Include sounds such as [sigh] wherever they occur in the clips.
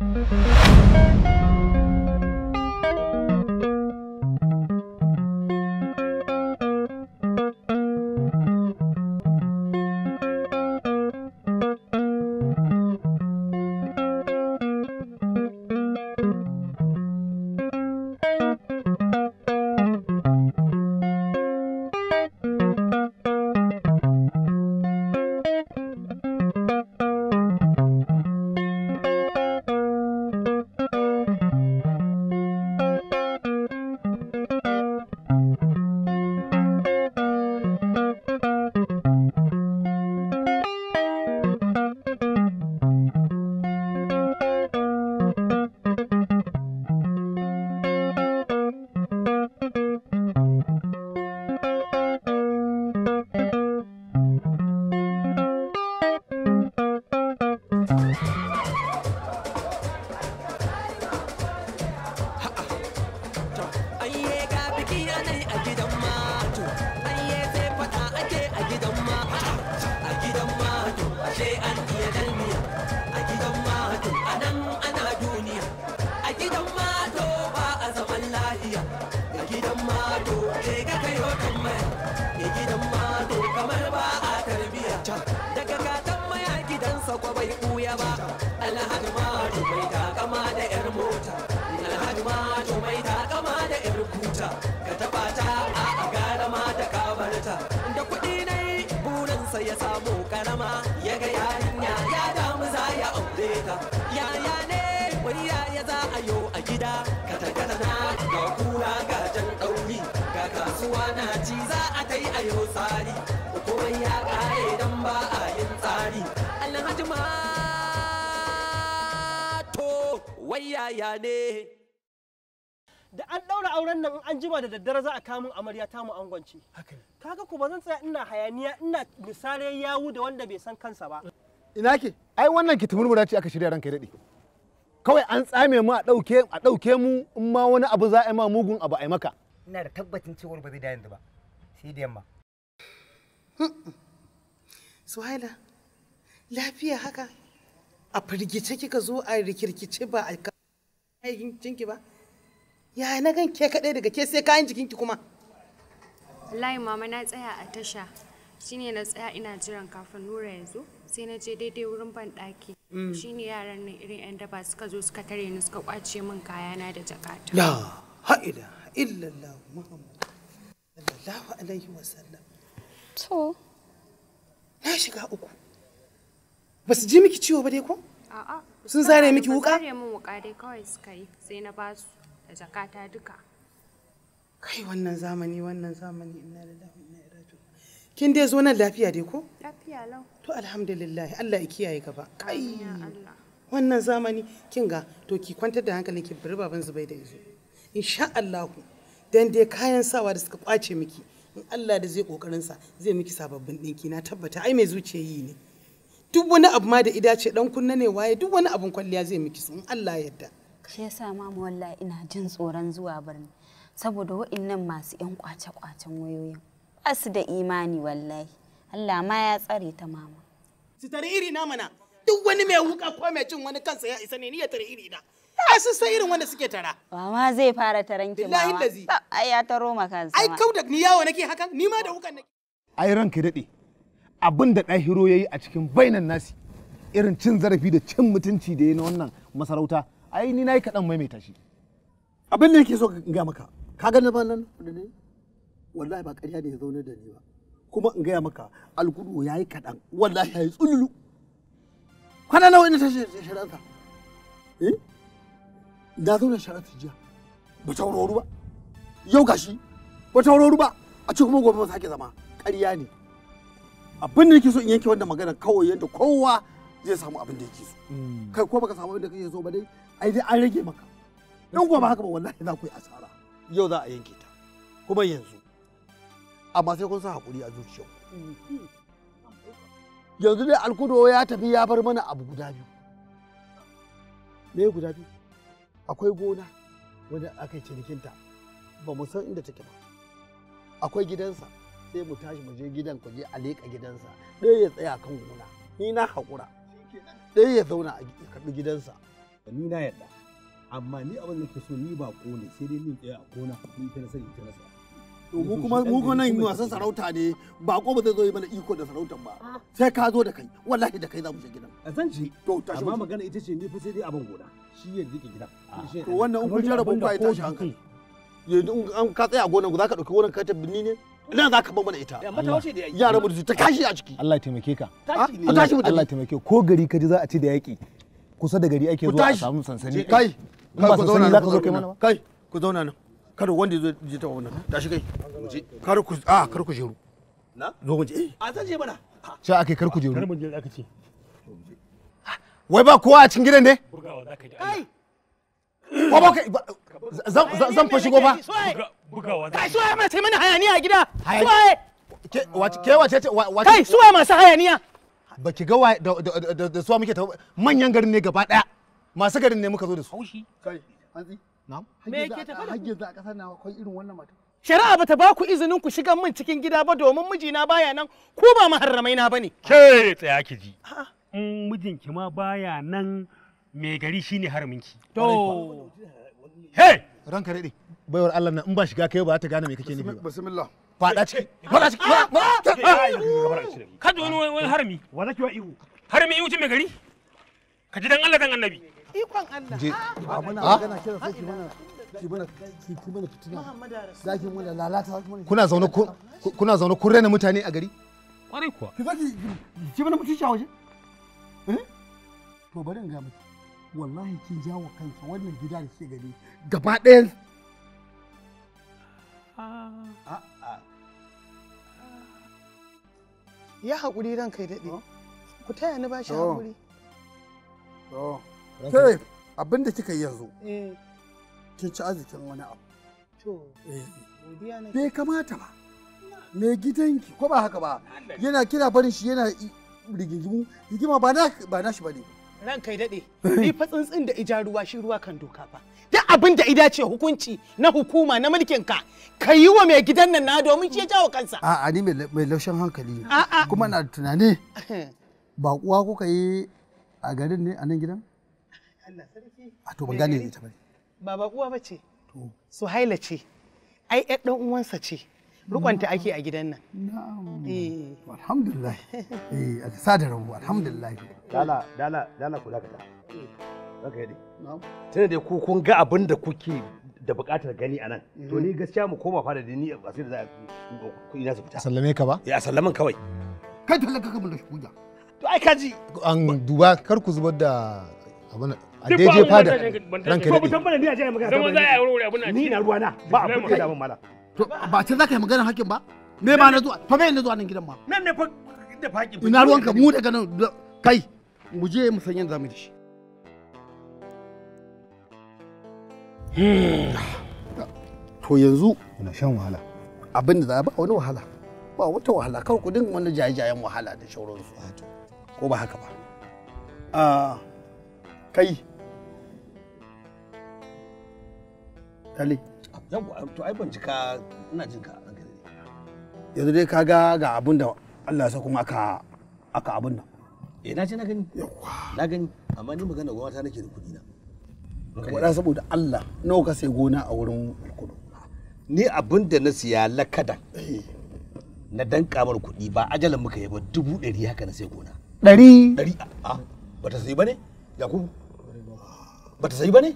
Thank you. to mai ta kama da yan kuta ka taba ta a gara ma da kabarta da kuɗi na yi burinsa ya samu karama ya ga yarinya ya damu za ya aure ta yaya ne wani yaya za a yo a gida ka na ga kura ga jan ɗauri ga kasuwa na ci za a ta yi a yau tsari komai ya ƙare dan ba a yin tsari alhaji ma to wai yaya ne da an daura auren nan an jima da daddare za a kamun amarya ta mu angwance kaga ko ba zan tsaya ina hayaniya ina misali yawu da wanda bai san kansa ba ina ke ai wannan ki tumurmura ce aka shirya ranka dade kawai an tsame mu a ɗauke a dauke mu in ma wani abu za a yi ma mugun abu a yi maka ina da tabbacin cewar ba zai da yanzu ba sai da yamma hmm. suhaila lafiya haka a firgice kika zo a rikirkice ba a aikin cinki ba ya na gan ke kaɗai daga ke sai kayan jikinki kuma wallahi mama na tsaya a tasha shine na tsaya ina jiran kafin nura ya zo sai na je daidai wurin ban ɗaki mm. shine yaran nan irin yan daba suka zo suka tare ni suka kwace min kayana da jakata ya ha'ila illallah muhammad sallallahu alaihi wasallam to na shiga uku ba su ji miki ciwo ba dai ko a'a sun zare miki wuka sun zare min wuka dai kawai suka yi sai na basu da jakata duka kai wannan zamani wannan zamani inna lillahi inna kin dai zo nan lafiya dai ko lafiya lau to alhamdulillah Allah ya kiyaye gaba kai wannan zamani kin ga to ki kwantar da hankalin ki bari baban zubai da yazo insha Allah dan dai kayan sawa da suka kwace miki in Allah da zai kokarin sa zai miki sababbin dinki na tabbata ai mai yi ne duk wani abu ma da ida ce dan kunna ne waye duk wani abun kwalliya zai miki su in Allah ya yarda shi yasa mu wallahi ina jin tsoron zuwa birni saboda wa'annan masu yan kwace-kwacen wayoyin ba su da imani wallahi Allah ma ya tsare ta mama su tare iri na mana duk wani mai wuka ko mai cin wani kansa ya isa ne ni ya tare iri na ya su sai irin wanda suke tara mama zai fara taran ki mama billahi ai ya taro ma kansa ai kau da ni yawo nake hakan ni ma da wukan nake ai ranki dade abin da ɗahiro yayi a cikin bainan nasi irin cin zarafi da cin mutunci da ya na wannan masarauta ai ni nayi kaɗan maimaita shi abin da yake so in ga maka ka ga na nan da ne wallahi ba ƙarya ne ya zaune da ni ba kuma in gaya maka algudu ya yi kaɗan wallahi ya yi tsululu kwana nawa ina ta shari'arka eh na zauna shari'ar jiya ba ta wuro ba yau gashi ba ta wuro ba a ce kuma gobe ba sake zama ƙarya ne abin da yake so in yanke wannan magana kawai yadda kowa zai samu abin da yake so mm. kai ko baka samu abin da kake so ba dai ai dai an rage maka in ko ba haka ba wallahi za ku yi asara yau za a yanke ta kuma yanzu amma sai kun sa hakuri a zuciyar yanzu dai alkudo ya tafi ya bar mana abu guda biyu me guda biyu akwai gona wanda aka yi cinikinta ba mu san inda take ba akwai gidansa sai mu tashi mu je gidan ku je a leƙa gidansa ɗaya ya tsaya kan gona ni na haƙura ɗaya ya zauna a karɓi gidansa ni na yadda amma ni abin da ke so ni ba ne sai dai ni tsaya a gona ni ta nasa ta nasa to mu kuma mu kuma nan wasan sarauta ne ba ko ba zai zo yi mana iko da sarautan ba ah. sai ka zo da kai wallahi da kai za mu je gidan a san ji to tashi amma magana ita ce ni fa sai dai abin gona shi ya rike gidan ah. to wannan in kun jarrabo ba ya tashi hankali yanzu an ka tsaya a gonan ku za ka ɗauki gonan ka ni ne ina za ka mana ita yara mutu ta kashi a ciki Allah taimake ka Allah taimake ko gari ka ji za a ci da yaƙi kusa da gari ake zuwa a samu sansani kai ku zauna nan ku zauna kai ku zauna nan kada wanda ya zo ji ta wannan tashi kai kar ku a kar ku jeru na zo mu je eh. a zan je mana ce akai kar ku jeru kar mu je aka ce wai ba kowa a cikin gidan ne kai Ko ba zan fa shigo ba. Bugawa. Kai suwaye masu mana hayaniya a gida. Suwaye. Ke wace ce Kai suwaye masu hayaniya. Ba ki ga da suwa muke ta manyan garin ne gaba daya. Masu garin ne muka zo da su. Haushi. Kai. Hantsi. Na'am. Me yake tafa da? za a kasar na akwai irin wannan mata. shari'a bata ba ku izinin ku shiga min cikin gida ba domin mijina baya nan ku ba maharramai na bane ke tsaya ki ji mijinki ma baya nan mai gari shi ne haraminki to hey ranka daɗe baiwar Allah na in ba shiga kai ba ta gane mai kake nufi ba bismillah fada ciki fada ciki kada wani wani harami wa zaki wa ihu harami ihu mai gari ka ji dan Allah dan annabi ikon Allah je muna magana kira sai ki mana ki mana ki mana fitina zaki mana lalata kuna zaune kuna zaune kun rena mutane a gari kwarai kuwa ki zaki ki mana mutunci a waje eh to bari in ga miki wallahi kin jawo kansa wannan gida da ke gani gaba ɗayan ah. ya haƙuri ran kai daɗe oh. ku taya ni bashi oh. haƙuri oh. ke abin da kika yi yanzu eh. kin ci arzikin wani abu eh. bai kamata ba mai gidanki ko ba haka ba yana kina barin shi yana rigingimu rigima ba na shi ba ne ranka kai daɗe ni fa tsuntsun da ija ruwa shi ruwa kan doka fa duk abin da ida ce hukunci na hukuma na mulkin ka ka yi wa mai gidan nan na domin shi ya jawo kansa a'a ni mai laushin hankali ne kuma na tunani ba kuwa kuka yi a garin ne a nan gidan Allah sarki a to ban gane ne ta bane ba ba kuwa bace to haila ce ai ɗan uwansa ce rukwanta ake a gidan nan na'am eh. alhamdulillah [laughs] eh alsa da rabu alhamdulillah dala dala dala ku zaka ta zaka eh. yi na'am tunda dai ku kun ga abin da kuke da buƙatar gani a nan to ni eh. gaskiya mu koma fara da ni a sai da za ku ina su fita sallame ka ba ya sallaman kawai kai ta ka mun da shi to ai kaji an duba kar ku zubar da abin a daidai fada ranka daɗe. Ko mutum bane ni jiya magana. Zama za a yi wuri na. Ni na ruwa na ba a abin da abin damu To ba ce za ka yi maganar hakin ba? Me ba na zuwa, fa me na zuwa nan gidan ma? Me ne fa fa fakin. Ina ruwanka mu daga nan kai mu je mu san yanzu zamu shi. Hmm. To yanzu ina shan wahala. Abin da za ba wani wahala. Ba wata wahala kawai ku dinga wani jaye-jayen wahala da shauransu. Ko ba haka ba? Ah, kai. Dale. yawa to ai bincika ina jin ka yanzu dai kaga ga abin da Allah ya sa kuma aka aka abin nan eh na ce na gani yawa na gani amma ni magana gwamnati ta nake da kuɗi na wada saboda Allah nawa ka sai gona a wurin kudu ni abin da na siya lakada eh. na dan kamar kuɗi ba ajalan muka yi ba dubu ɗari haka na sai gona ɗari ɗari a ba ta sayi ba ne yakubu ba ta sayi ba ne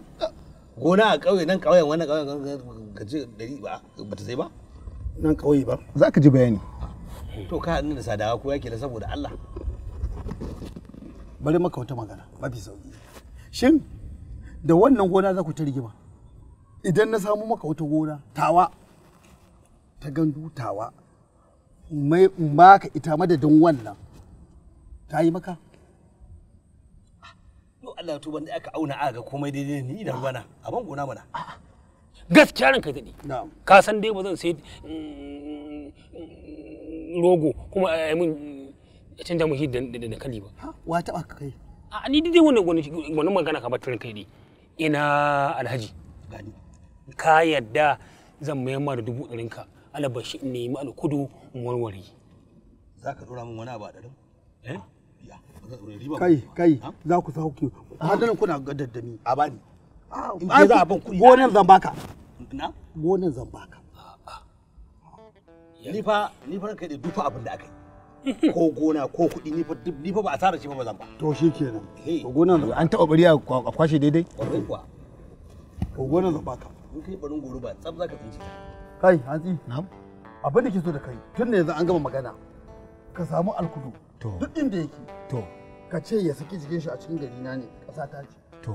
gona a ƙauye nan ƙauyen wannan ƙauyen ka ce ɗari ba ba ta sai ba nan ƙauye ba za ka ji bayani to ka hannu da sadawa ko yake da saboda Allah bari maka wata magana mafi sauki shin da wannan gona za ku ta rigima idan na samu maka wata gona tawa ta gandu tawa mai ka ita madadin wannan ta yi maka Allah to wanda aka auna aka komai daidai ni ina ruwana a ban gona mana gaskiya ran ranka daɗi ka san dai ba zan sai mm, rogo kuma a eh, yi mun canja mushi da da kali ba wa taɓa ka kai a ni dai wannan wannan magana ka batarin kai dai ina alhaji gani ka yadda zan mayar ma da dubu ɗarin ka alabashi nemi alkudu warware za ka ɗora min wani abu a ɗarin eh? kai kai za ku sauke hadarin kuna daddami a bani ah, in je za a ban kuɗi gonan zan na gonan zan ni fa ni fa kai da dufa abin da aka yi ko gona ko kuɗi ni fa ni fa ba tsara ce ba zamba. ba to shikenan eh. to gonan an taɓa bari a kwashe daidai ko gonan zambaka in kai barin goro ba tsaf zaka tsinci kai hantsi na'am abin da ke so da kai tun da yanzu an gama magana ka samu alkudu duk inda yake to ka ce ya saki jikin shi a cikin gari na ne ƙasa ta ce to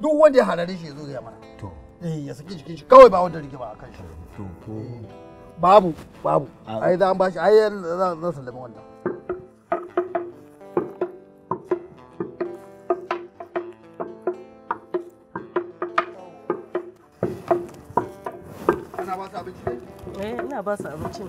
duk wanda ya harare shi ya zo ya mana to eh ya saki jikin shi kawai ba wanda rigima akan shi to to babu babu ai za an bashi ai zan sallama wannan ba su eh ina ba su abincin.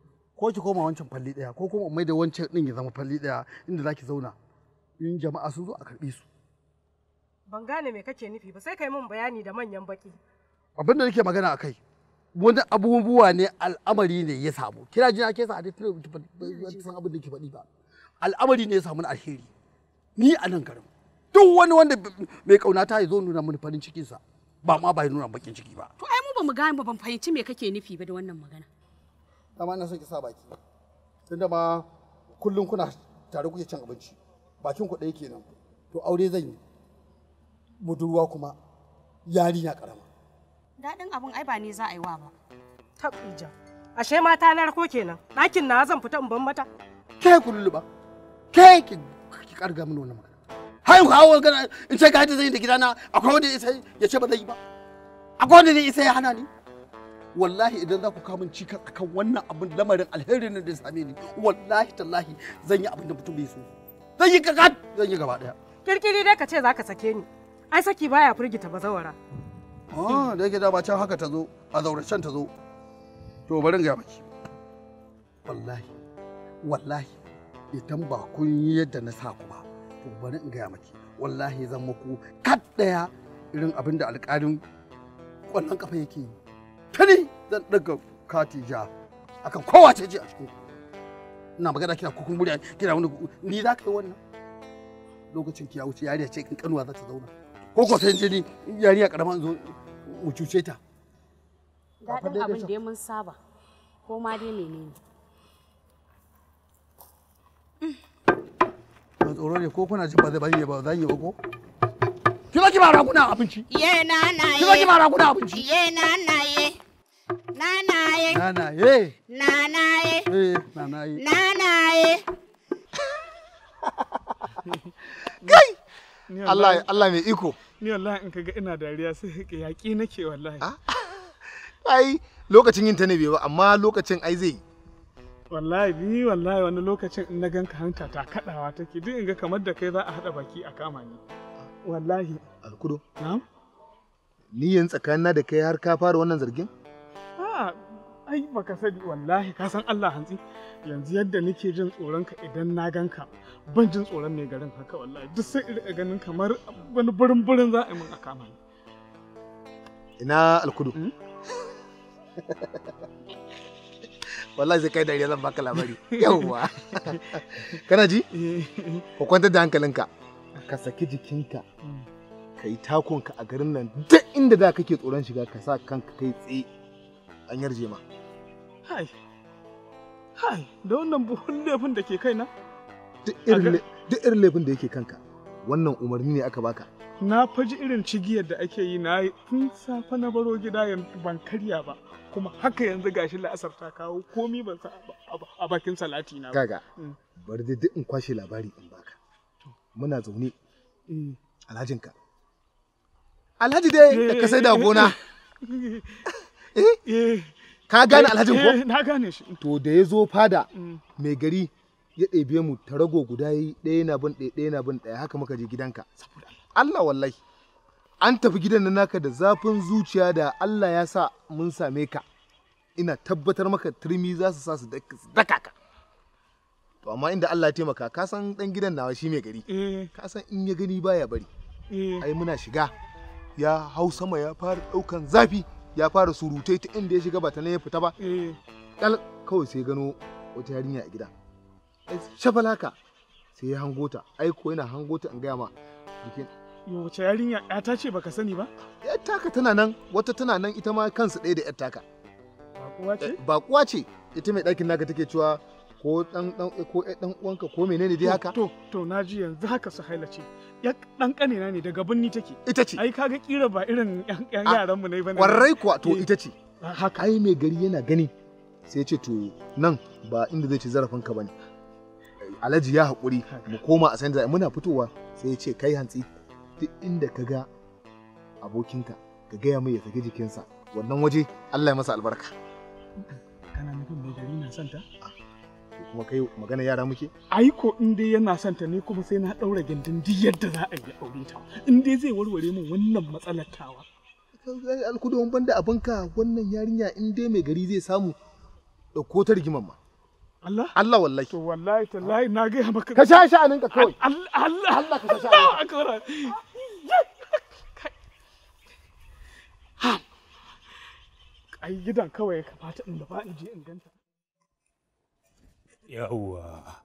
ko ki koma wancan falli daya ko kuma mai da wancan din ya zama falli daya inda zaki zauna in jama'a sun zo a karbi su ban gane me kake nufi ba sai kai mun bayani da manyan baki abin da nake magana akai wani abubuwa ne al'amari ne ya samu kina jina ke sa hadisi san abin da ke faɗi ba al'amari ne ya samu alheri ni a nan garin duk wani wanda mai kaunata ya zo nuna mini farin cikinsa ba ma ba ya nuna bakin ciki ba to ai mu ba mu gane ba ban fahimci me kake nufi ba da wannan magana dama ina son ki sa baki tunda ma kullum kuna tare kuke cin abinci bakin ku ɗaya kenan to aure zan yi budurwa kuma yarinya karama daɗin abin ai ba ni za a yi wa ba tab ashe mata na rako kenan ɗakin na zan fita in ban mata kai ku lulluɓa kai ki karga mun wannan magana hayin ku hawo in ce ka haɗa zan yi da gidana akwai wanda ya ce ba zai yi ba akwai wanda zai isa ya hana ni wallahi idan za ku kamun cikas akan wannan abin lamarin alherin ne da same ni wallahi tallahi zan yi abin da mutum bai so zan yi kakat zan yi gaba daya kirkiri dai ka ce za ka sake ni ai saki baya firgita bazawara ah da yake dama can haka ta zo a zauracen ta zo to bari in ga baki wallahi wallahi idan ba kun yi yadda na sa ku ba to bari in gaya maki wallahi zan muku kat daya irin abin da alƙalin wannan kafa yake yi tuni zan ɗaga katija akan kowa ce ji a cikin ina magana kina kukun murya kina wani ni za ka yi wannan lokacin ki ya wuce yariya ce in kanuwa za ta zauna ko ko sai jini yariya karama zo mu cuce ta daɗin abin da mun saba ko ma dai menene ba tsoro ne ko kuna jin ba zai ba zai ba zan yi ba ko ki zo ki ba raguna abinci ye nana ye ki zo ki ba raguna abinci ye nana ye nana ye nana ye nana ye eh nana ye nana ye [laughs] kai Allah Allah mai iko ni Allah in kaga ina dariya sai ka yaki nake wallahi ah. [laughs] ai lokacin yin ta ne bai ba amma lokacin ai zai wallahi bi wallahi wani lokacin in na ganka hanta ta kadawa take duk in ga kamar da kai za a hada baki a kama ni wallahi alkudo na'am ni yin tsakanina da kai har ka fara wannan zargin a'a ai baka sani wallahi ka san Allah hantsi yanzu yadda nake jin tsoron ka idan na ganka ban jin tsoron mai garin haka wallahi duk sai in ganin kamar wani burin burin za a yi min a kama ni ina alkudu hmm? [laughs] wallahi sai kai dariya zan baka labari yawwa [laughs] kana ji [laughs] ko kwanta da hankalinka ka saki jikinka mm. ka yi takonka a garin nan duk inda da kake tsoron shiga ka sa kanka kai tsaye an yarje ma hai hai da wannan buhun laifin da ke kaina duk irin laifin da yake kanka wannan umarni ne aka baka na faji irin cigiyar da ake yi na tun safe na baro gida yanzu ban karya ba kuma haka yanzu gashi la'asar ta kawo komi ban sa a bakin salati na ba kaga mm. bari duk in kwashe labari in baka muna zaune eh. alhajinka alhaji dai da ka sai da gona [laughs] eh? Eh. ka gane alhajin ko na gane shi to da ya zo fada mm. mai gari ya ɗebe mu ta rago guda yi ɗaya na bin ɗaya na bin ɗaya haka muka je gidanka Allah wallahi an tafi gidan nan naka da zafin zuciya da Allah ya sa mun same ka ina tabbatar maka turmi za su sa su daka to amma inda Allah ya taimaka ka san dan gidan nawa shi mai gari eh. ka san in ya gani baya bari eh. ai muna shiga ya hau sama ya fara daukan zafi ya fara surutai ta inda ya shiga ba ta ya fita ba eh. dal kawai sai gano wata yarinya a gida shafalaka sai ya hango ta ai ko yana hango ta in gaya ma bikin wace yarinya ya ta ce baka sani ba yar taka tana nan wata tana nan ita ma kansu ɗaya da yar taka ba kuwa ce ita mai ɗakin naka take cewa ko dan dan ko dan uwanka ko menene dai haka to to naji yanzu haka su ce ya dan ne daga binni take ita ce ai kaga kira ba irin yan yaran mu ne bane warrai kuwa to eh, ita ce haka ai mai gari yana gani sai ya ce to nan ba inda zai ci zarafin ka bane alhaji ya hakuri, mu koma a sanda muna fitowa sai ya ce kai hantsi duk inda ka ga abokinka ka gaya mai ya saki jikinsa wannan waje Allah ya masa albarka kana nufin gari na santa ah, kuma kai magana yara muke ko in dai yana son ta ne kuma sai na daura gindin duk yadda za a yi aure ta in dai zai warware min wannan matsalar tawa alkudon banda ka wannan yarinya in dai mai gari zai samu da ko ta rigimar ma Allah Allah wallahi to wallahi tallahi na ga maka ka sha sha'anin ka kawai Allah Allah ka sha sha'anin ai gidan kawai ya kamata in da ba in je in ganta yawwa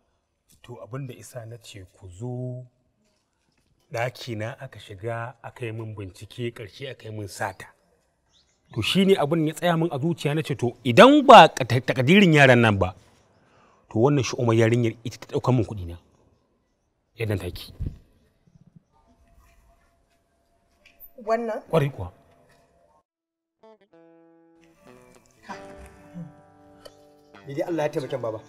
to abin da isa na ce ku zo ɗakina aka shiga aka yi min bincike ƙarshe aka yi min sata to shine abin ya tsaya min a zuciya na ce to idan ba takadirin yaran nan ba to wannan shi umar yarinyar ita ta ɗaukar min kuɗi na yadda take wannan ƙwarai kuwa Ni dai Allah ya taimake baba.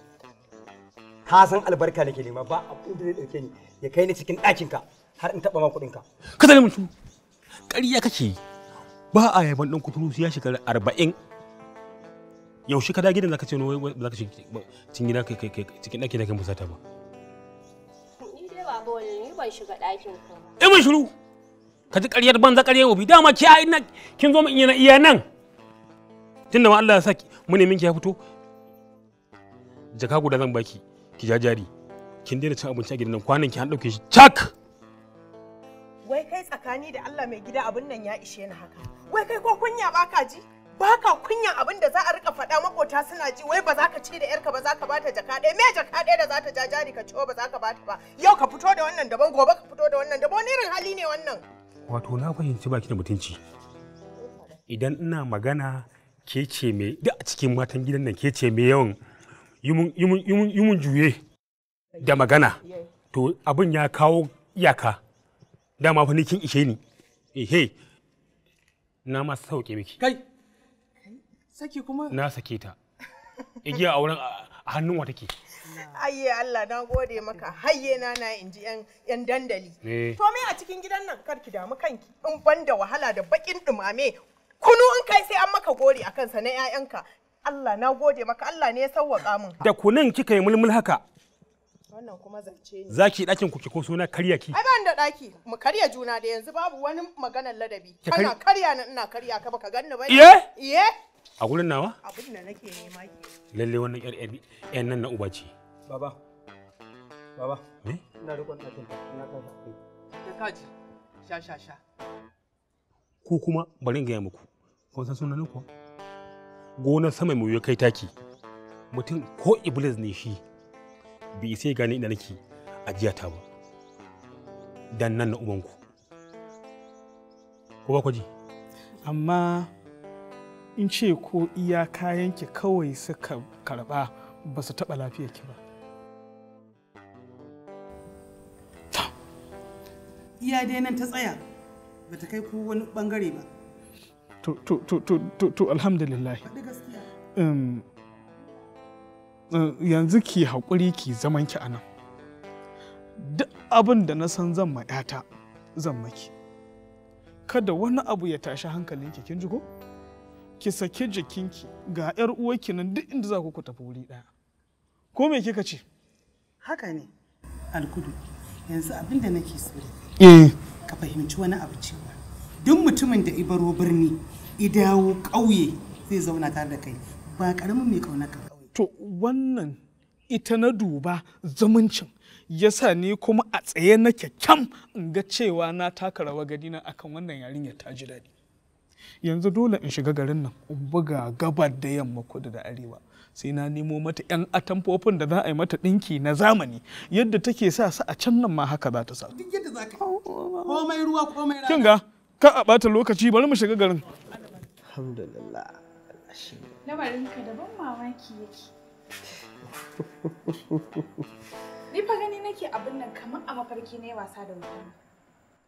ka san albarka nake nema ba abin da zai dauke ni ya kai ni cikin ɗakin ka har in taba ma kuɗin ka ka zalimi mutum ƙarya kake ba a yaban ɗan kuturu ya shiga arba'in yaushe ka da gidan zaka ce wai zaka cikin gida kai kai cikin ɗakin da kai musata ba ni dai baba wani ni ban shiga ɗakin ka ba eh, mun shiru ka ji ƙaryar banza ƙaryar obi dama ki ai na kin zo min iya nan tunda ma Allah ya saki mu ne minki ya fito jaka guda zan baki ki ja jari kin daina cin abinci a gidan nan kwanan ki an dauke shi cak wai kai tsakani da Allah mai gida abin nan ya ishe ni haka wai kai ko kunya baka ji baka kunyan abin da za a rika faɗa makota suna ji wai ba za ka ci da yarka ba za ka bata jaka ɗaya me jaka ɗaya da za ta ja jari ka ciwo ba za ka bata ba yau ka fito da wannan daban gobe ka fito da wannan daban irin hali ne wannan wato na fahimci baki da mutunci idan ina magana ke ce me duk a cikin matan gidan nan ke ce me yawan yi mun juye da magana to abin ya kawo iyaka dama fa kin ishe ni ehe na ma sauke miki kai saki kuma na sake ta igiya a wurin a hannun wa take Ayye Allah na gode maka hayye na na in ji yan dandali. Eh. To me a cikin gidan nan karki damu kanki in ban da wahala da bakin dumame kunu in kai sai an maka gori a kansa na 'ya'yanka Allah na gode maka Allah ne ya sauwaka min da kunin kika yi mulmul haka wannan kuma zance ne zaki dakin ku ki ko suna karya ki ai ban da daki mu karya juna da yanzu babu wani maganar ladabi kana karya ni ina karya ka baka ganni ba iye iye a gurin nawa abin da nake nema ki lalle wannan yar yan nan na uba ce baba baba eh ina rikon dakin ina ka ka kaji sha sha sha ko kuma bari in gaya muku kun san sunan ku gonar sama mai ya kai taki mutum ko iblis ne shi bai sai gani inda nake ajiya ta ba dan nan na ubanku ko ba ku ji amma in ce ko iya kayanki kawai suka karba ba su taɓa ki ba iya dai nan ta tsaya ba ta kai ku wani bangare ba to alhamdulillah um, uh, yanzu ki haƙuri ki zaman ki a nan duk abin da na san zan ma 'yata zan maki kada wani abu ya tashi hankalinki kin ji ko ki sake jikinki ga 'yar uwarki nan duk inda za ku tafi wuri ɗaya ko me kika ce haka ne alkudu yanzu abin da nake so da eh. ka fahimci wani abu cewa duk mutumin da ibaro birni idawo ƙauye zai zauna tare da kai ba ƙaramin mai ƙaunar ka to wannan ita na duba zumuncin ya sa ni kuma a tsaye na kyakkyam in ga cewa na taka rawa na akan wannan yarinyar ta ji daɗi yanzu dole in shiga garin nan in buga gabar da yamma kudu da arewa sai na nemo mata 'yan atamfofin da za a yi mata ɗinki na zamani yadda take sa su a can nan ma haka za ta sa duk ka komai ruwa komai rana kin ga ka a bata lokaci bari mu shiga garin alhamdulillah lamarinka da daban mamaki yake ni fa gani nake abin nan kamar a mafarki ne wasa da wuta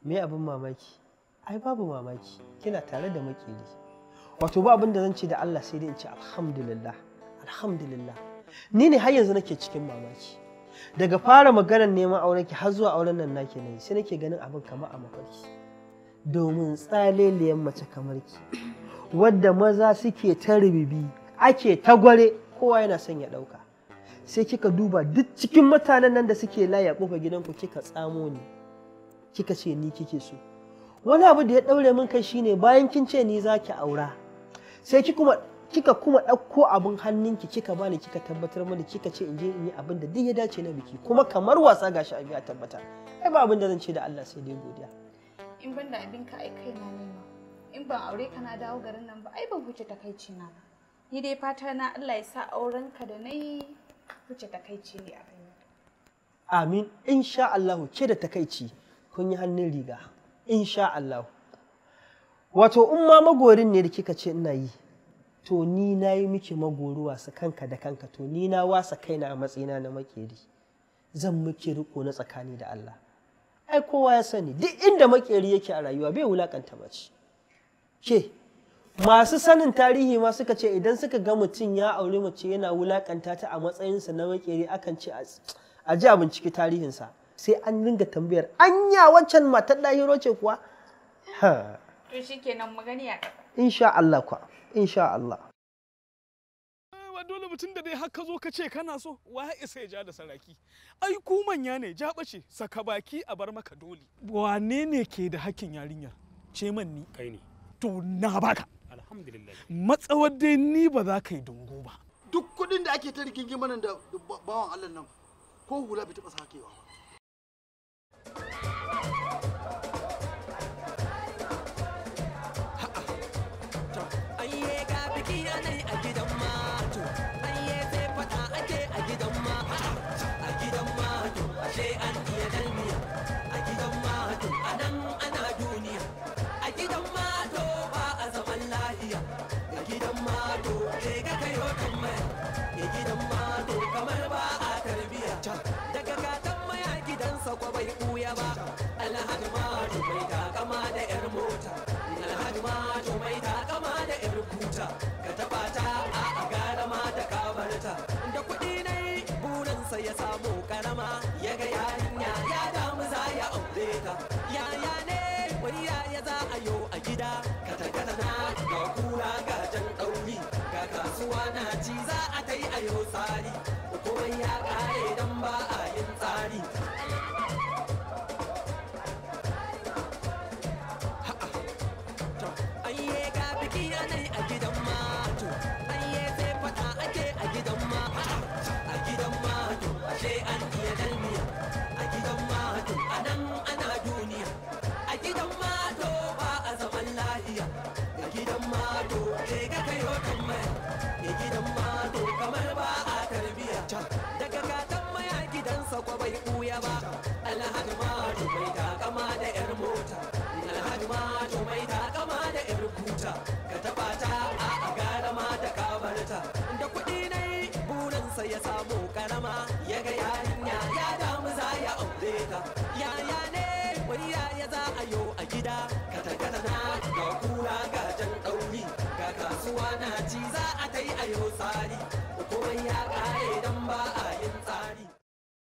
me abin mamaki ai babu mamaki kina tare da makili wato ba abin da zan ce da Allah sai dai in ce alhamdulillah alhamdulillah ni ne har yanzu nake cikin mamaki daga fara maganar neman auren ki har zuwa auren nan nake nayi sai nake ganin abin kamar a mafarki domin tsaleliyan mace kamar ki wadda maza suke ta rubibi ake tagware kowa yana son ya ɗauka sai kika duba duk cikin mutanen nan da suke laya kofa gidanku kika tsamo ni kika ce ni kike so wani abu da ya ɗaure min kai shine bayan kin ce ni za ki aura sai kika kuma ɗauko abin hannunki kika bani kika tabbatar mini kika ce in je in yi abin da duk ya dace na biki kuma kamar wasa gashi a biya tabbata ai ba abin da zan ce da Allah sai dai godiya in banda abin ka ai kai na nema in ban aure ka na dawo garin nan ba ai ban huce takaici na ba ni dai fata na Allah ya sa auren ka da nayi huce takaici ne a raina amin insha Allah ke da takaici kun yi hannun riga insha Allah wato in ma magorin ne da kika ce ina yi to ni na yi miki magoro wasa kanka da kanka to ni na wasa kaina a matsayina na makeri zan miki riko na tsakani da Allah ai kowa ya sani duk inda makeri yake a rayuwa bai wulakanta mace ke masu sanin tarihi ma suka ce idan suka ga mutum ya aure mace yana wulakanta ta a matsayinsa na makere akan ce a ji a binciki tarihinsa sai an ringa tambayar anya wancan matar lahiro ce kuwa to magani a insha dole mutum da dai haka zo ka ce kana so wa ya isa ya ja da saraki ai ku manya ne ja bace saka baki a bar maka dole wane ne ke da hakkin yarinyar ce man ni kai ne to na baka matsawar dai ni ba za ka yi dungu ba duk kuɗin da ake ta rigingima mana da bawan Allah nan ko hula bai taɓa sakewa ba ai sai ya samu karama ya ga yarinya ya damu za ya aure ta yaya ne wai yaya za a yo a gida katakata na ga kura gajen ɗauri ga kasuwa na ci za a tai a yo tsari